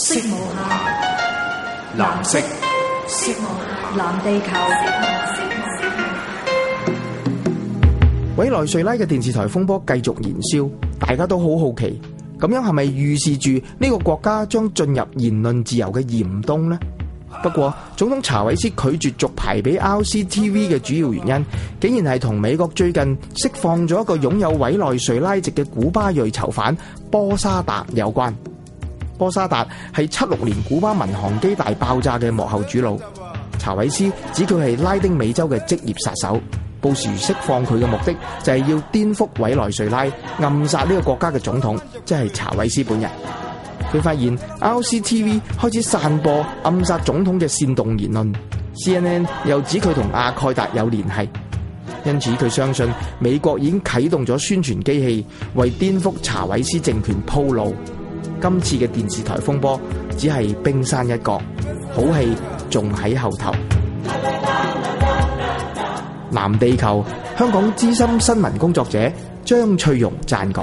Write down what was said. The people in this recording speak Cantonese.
色無限，藍色，色，下色，下色下藍地球。色色色色委內瑞拉嘅電視台風波繼續燃燒，大家都好好奇，咁樣係咪預示住呢個國家將進入言論自由嘅嚴冬呢？不過，總統查韋斯拒絕續，續牌俾 RCTV 嘅主要原因，竟然係同美國最近釋放咗一個擁有委內瑞拉籍嘅古巴裔囚犯波沙達有關。波沙達係七六年古巴民航機大爆炸嘅幕後主腦，查韋斯指佢係拉丁美洲嘅職業殺手，布殊釋放佢嘅目的就係要顛覆委內瑞拉，暗殺呢個國家嘅總統，即係查韋斯本人。佢發現 RCTV 開始散播暗殺總統嘅煽動言論，CNN 又指佢同阿蓋達有聯繫，因此佢相信美國已經啟動咗宣傳機器，為顛覆查韋斯政權鋪路。今次嘅電視台風波只係冰山一角，好戲仲喺後頭。藍地球香港資深新聞工作者張翠容撰稿。